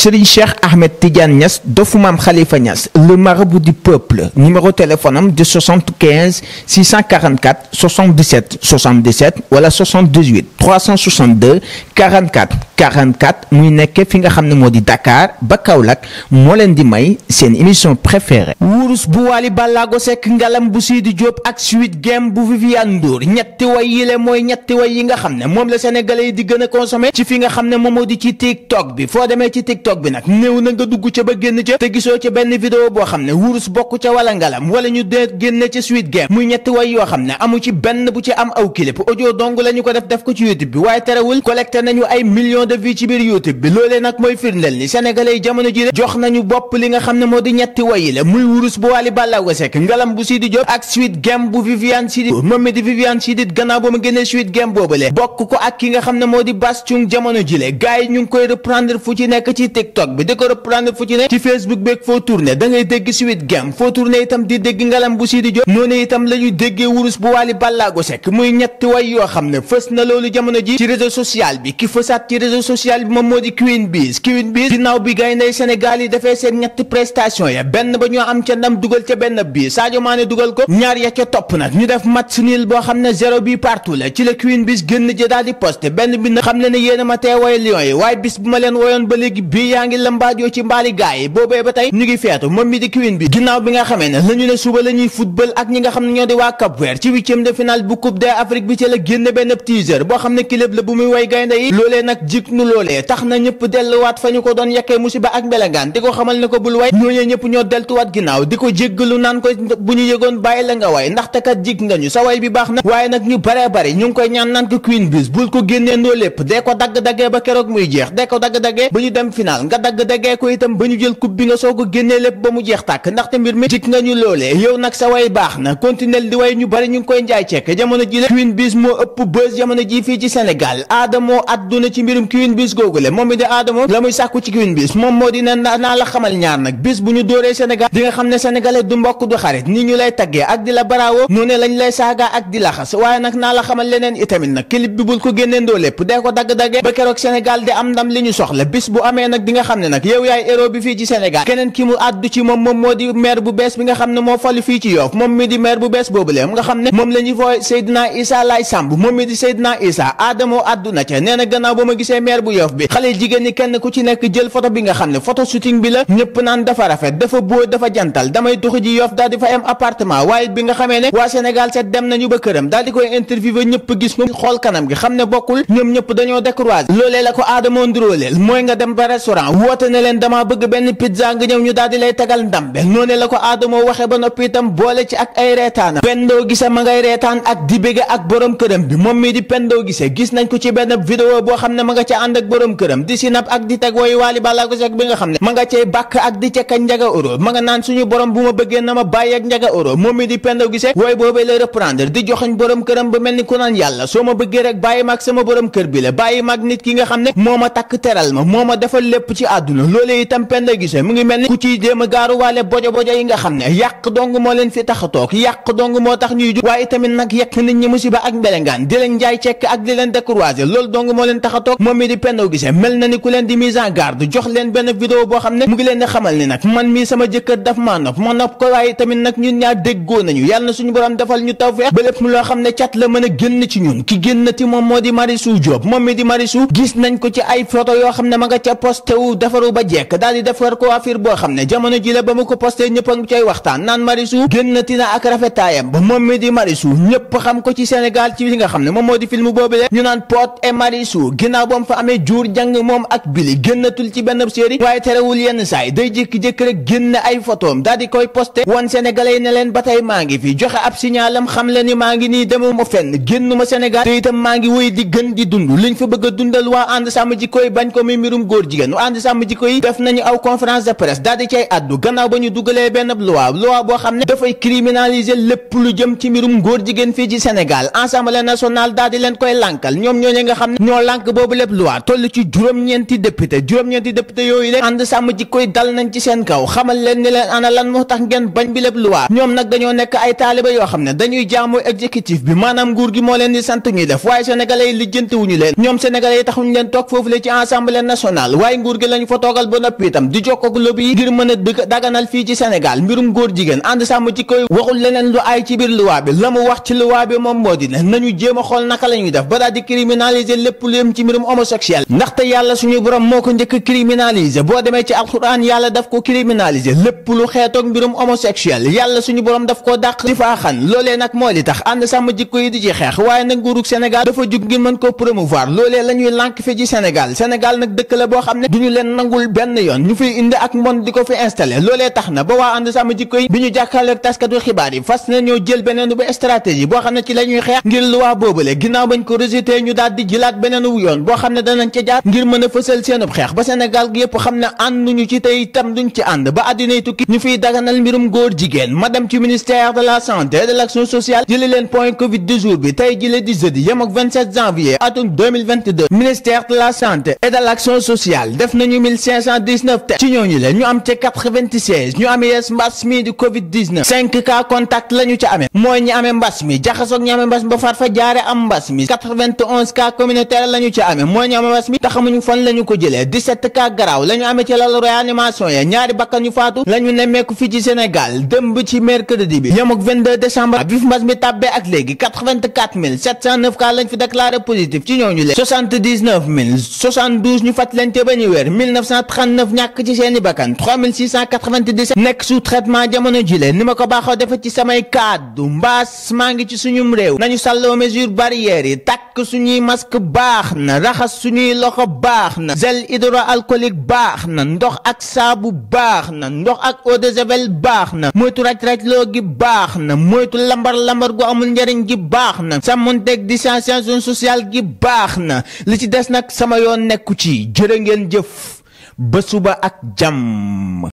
Serigne Cheikh Ahmed Tidiane Niass dofu maam Khalifa Niass le marabout du peuple numéro téléphone am de 75 644 77 77 wala 78 muy nekk fi nga xam ne moo di Dakar ba Kaolack moo leen di may seen émission préférée. wurus bu Wally Ballago Seck ngalam bu Sidi Diop ak suite game bu Viviane Ndour ñetti way yi la mooy ñetti way yi nga xam ne moom la sénégalais yi di gën a consommé ci fi nga xam ne moom moo di ci TikTok bi foo demee ci TikTok. tiktok bi nag néew na nga dugg ca ba génn ca te gisoo ca benn vidéo boo xam ne wurus bokk ca wala ngalam wala ñu dee génne ca suite game muy ñetti way yoo xam ne amu ci benn bu ci am aw clip audio dong la ñu ko def def ko ci youtube bi waaye terewul collecté nañu ay millions de vues ci biir youtube bi loolee nag mooy firndeel ni sénégalais jamono ji jox nañu bopp li nga xam ne moo di ñetti way yi la muy wurus bu Wally Ballago Seck ngalam bu Sidi Diop ak suite game bu Viviane Chidid moom mi di Viviane Chidid gannaaw ba mu génnee bokk ko ak ki nga xam ne moo di Bass Thioung jamono ji le gars yi ñu ngi koy reprendre tiktok bi di ko reprendre fu ne ci dégg suite gam foo tourné itam di dégg ngalam bu Sidi Diop noonu itam la déggee wurus bu Wally Ballago Seck muy ñetti way yoo xam ne fës na loolu jamono ji ci réseau social bi ki fësaat ci réseau social bi moom moo di Queen Biz Queen Biz ginnaaw bi gaynde Sénégal yi defee seen ñetti prestation ya benn ba ñoo am ca ndam dugal ca benn bii Sadio Mané dugal ko ñaar ya ca topp nag ñu def mat nul boo xam ne zéro bi partout la ci la Queen Biz génn ja daal di posté benn bi xam ne ne ma yi yaa ngi lëmbaajoo ci mbaali gaay boobee ba tey ñu ngi feetu moom mi di kiwin bi ginnaaw bi nga xamee ne la ne suba la ñuy ak ñi nga xam ne ñoo di waa Cap ci huitième de finale bu coupe d'Afrique bi ci la génn benn teaser boo xam ne club la bu muy way gaynde yi loolee nag jik nu loolee tax na ñëpp delluwaat fa ñu ko doon yekkee musiba ak mbelangaan di ko xamal ne ko bul way ñooñee ñëpp ñoo deltuwaat ginnaaw di ko jéggalu naan ko bu ñu yëgoon bàyyi la nga way ndaxte kat jik nga ñu sa way bi baax na waaye nag ñu bare bare ñu koy ñaan naan ko Queen Biz bul ko génnee noo lépp dee ko dagg-daggee ba keroog muy ko dagg-daggee xaar nga dagg daggee ko itam ba ñu jël coupe bi nga soo ko génnee lépp ba mu jeex tàkk ndaxte mbir mi jik nga ñu loolee yow nag sa way baax na continuel di way ñu bari ñu koy njaay cekk jamono ji la Queen Biz moo ëpp buzz jamono ji fii ci Sénégal aadamoo àdduna ci mbirum Queen Biz googule moom mi di aadamo la muy sàkku ci Queen Biz moom moo dina naa la xamal ñaar nag bis bu ñu dóoree Sénégal di nga xam ne sénégalais du mbokk du xarit ni ñu lay bi nga xam ne nag yow yaay héros bi fii ci Sénégal keneen ki mu àddu ci moom moom gannaaw ba ma gisee maire bu Yoff bi xale jigéen ñi kenn ku ci nekk jël photo bi nga xam ne photo shooting bi la ñëpp naan dafa rafet dafa boo dafa jantal damay tuxi ji Yoff daal di fa am appartement waaye bi nga xamee ne waa Sénégal set dem nañu ba këram daal di koy interviewé ñëpp gis ko xool kanam gi xam ne bokkul ñoom ñëpp dañoo décroiser loolee la ko Adamo nduróoleel mooy nga dem ba restaurant woote ne leen dama bëgg benn pizza nga ñëw ñu daal di lay tegal ndam be noone la ko aadamoo waxe ba noppi itam boole ci ak ay reetaana pendoo gise ma ngay reetaan ak di bége ak borom këram bi moom mii di pendoo gise gis nañ ko ci benn vidéo boo xam ne ma nga ca ànd ak këram di sinap ak di teg wooyu waali balaago sek bi nga xam ne ma nga cay bàkk ak di cekka njaga euro ma nga naan suñu borom bu ma bëggee na ma bàyyi ak njaga euro moom mii di pendoo gise wooy boobee la reprendre di joxoñ borom këram ba mel ni ku naan yàlla soo ma bëggee rek bàyyi ma ak sama borom kër bi la bàyyi ma ak nit ki nga xam ne moo ma takk teral ma moo ma defal lépp lépp ci àdduna loolee itam penda gisee mu ngi mel ni ku ciy jéem a gaaruwaale bojo bojo yi nga xam ne yàq dong a loolu dong moo leen tax a moom mi di penda gisee mel na ni ku leen di mise garde jox leen benn vidéo boo xam ne mu ngi leen di xamal ni nag man mii sama jëkkër daf maa nopp ma nopp ko waaye tamit nag ñun ñaar déggoo nañu yàlla suñu borom defal ñu tawfeex ba lépp loo xam ne cat la mën a génn ci ñun ki génnati moom moo di Marichou Diop moom mi di Marichou gis nañ ko ci ay photo yoo xam ne ma nga ca post posté wu defaru ba jekk daal di defar ko affaire boo xam ne jamono ji la ba mu ko posté ñëpp a ngi cay waxtaan naan Marichou génnati na ak rafetaayam ba moom mi di Marichou ñëpp xam ko ci Sénégal ci li nga xam ne moom moo di film boobu le ñu naan Pod et Marichou ginnaaw ba mu fa amee jur jàng moom ak Billy génnatul ci benn série waaye terewul yenn saay day jékki-jékki rek génn ay photoom daal di koy posté wan Sénégalais yi ne leen ba tey maa ngi fi joxe ab signalam xam la ni maa ngi nii demuma fenn génnuma Sénégal te itam maa ngi wéy di gën di dund liñ fa bëgg a dundal waa ànd sàmm ji koy bañ ko muy mbirum góor jigéen ànd sàmm jikko yi def nañu aw conférence de presse daal di cay addu gannaaw ba ñu dugalee benn loi loi boo xam ne dafay criminaliser lépp lu jëm ci mbirum góor jigéen fii ci Sénégal assemblée national daal di leen koy lànkal ñoom ñoo ñooñu nga xam ne ñoo lànk boobu lépp toll ci juróom-ñeenti député juróom-ñeenti député yooyu leen ànd sàmm jikko yi dal nañ ci seen kaw xamal leen ni leen ana lan moo tax ngeen bañ bi lépp loi ñoom nag dañoo nekk ay taaliba yoo xam ne dañuy jaamu exécutif bi maanaam nguur gi moo leen di sant ñuy def waaye sénégalais yi lijjanti wuñu leen ñoom yi taxuñu leen toog foofu le ci assemblée nationale waaye nguur gi lañu fa toogal ba noppi di jokkook lobby yi ngir mën a daganal fii ci Sénégal mbirum góor jigéen ànd sàmm la mu wax ci moo di ne nañu jéem a ko njëkk criminaliser boo demee ci koo dàq di faaxan loolee nag moo li tax ànd sàmm jikko yi di ci xeex waaye nag nguurug Sénégal dafa jug ngir mën ko promouvoir loolee la ñuy lànk fi ci Sénégal Sénégal nag dëkk la boo xam ne duñu leen nangul benn yoon ñu fiy indi ak mbon di ko fi installé loolee tax na ba waa ànd sàmm jikko yi bi ñu jàkkaarloog taskatu xibaar yi fas na ñoo jël beneen bu stratégie boo xam ne ci la ñuy xeex ngir luwaa boobale ginnaaw bañ ko rejeté ñu daal di jilaat beneen wu yoon boo xam ne danañ ca jaar ngir mën xeex ba Sénégal gi yëpp xam ne ànduñu ci tey tam duñ ci ànd ba àddinay tukki ñu fiy daganal mbirum góor jigéen ma dem ci ministère de la santé de l'action sociale jëli leen point covid du tey jële di jeudi yem ak 27 la santé et de def nañu 1519 tests ci ñooñu la ñu am ca 96 ñu amee yees mbas mi di cas contact la ñu ca mooy ñi amee mbas mi jaxasoog ñi amee mbas mi ba far fa jaare am mbas mi 91 cas communautaire la ñu ca mooy ñi amee mbas mi taxamuñu fan la ko jëlee cas garaaw la ñu ci lalu réanimation ya ñaari bakkan yu faatu la ñu nemmeeku fii ci Sénégal démb ci mercredi bi yem ak 22 décembre bi mbas mi tàbbee ak léegi cas lañ fi déclaré positif ci ñooñu la ñu fàttalante ba ñu fanweer 1939 ñàkk ci seeni bakkan 3697 nekk sous traitement jamono jile ni ma ko baaxoo defe ci samay kàddu mbaas maa ngi ci suñum réew nañu sàlloo takk suñuy masque baax na raxas suñuy loxo baax na gel hydroalcoolique baax na ndox ak saabu baax na ndox ak eau de javel baax na moytu raj-raj loo gi baax na moytu lambar-lambar gu amul njariñ gi baax na sàmmonteeg distanciation sociale gi baax na li ci des nag sama yoon nekku ci jërë ngeen jëf ba suba ak jàmm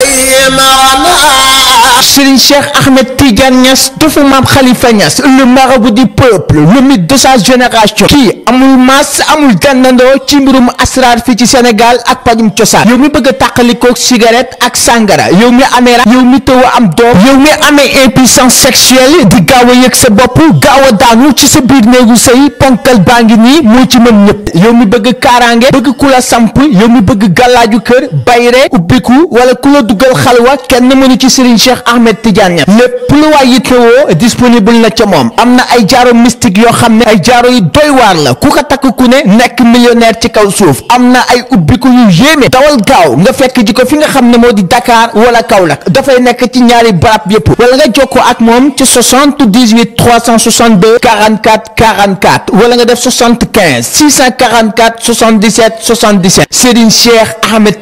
Serigne Cheikh Ahmed Tidiane Niass tofu maam Khalifa Niass le marabout du peuple le mythe de sa génération kii amul maas amul dendandoo ci mbirum asrar fii ci Sénégal ak pajum cosaan yow mi bëgg a tàqalikoog cigarette ak sangara yow mi amee yow mi tëw a am doom yow mi amee impuissance sexuelle di gaaw a yëg sa bopp gaaw a daanu ci sa biir néegu sëy ponkal baa ngi nii moo ci mën ñëpp yow mi bëgg kaaraange bëgg kula samp yow mi bëgg gàllaaju kër bayre ubbiku wala ku la duggal xalwa kenn mënu ci Serigne Cheikh Ahmed Tidiane Niass lépp lu waay yittewoo disponible na ca moom am na ay jaaro mystique yoo xam ne ay jaaro yu doy waar la ku ko takk ku ne nekk millionnaire ci kaw suuf am na ay ubbiku yu yéeme dawal gaaw nga fekk ji ko fi nga xam ne moo di Dakar wala Kaolack dafay nekk ci ñaari barab yépp wala nga jokkoo ak moom ci 78 362 44 44 wala nga def 75 644 77 77 Serigne Cheikh Ahmed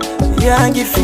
yaa ngi fi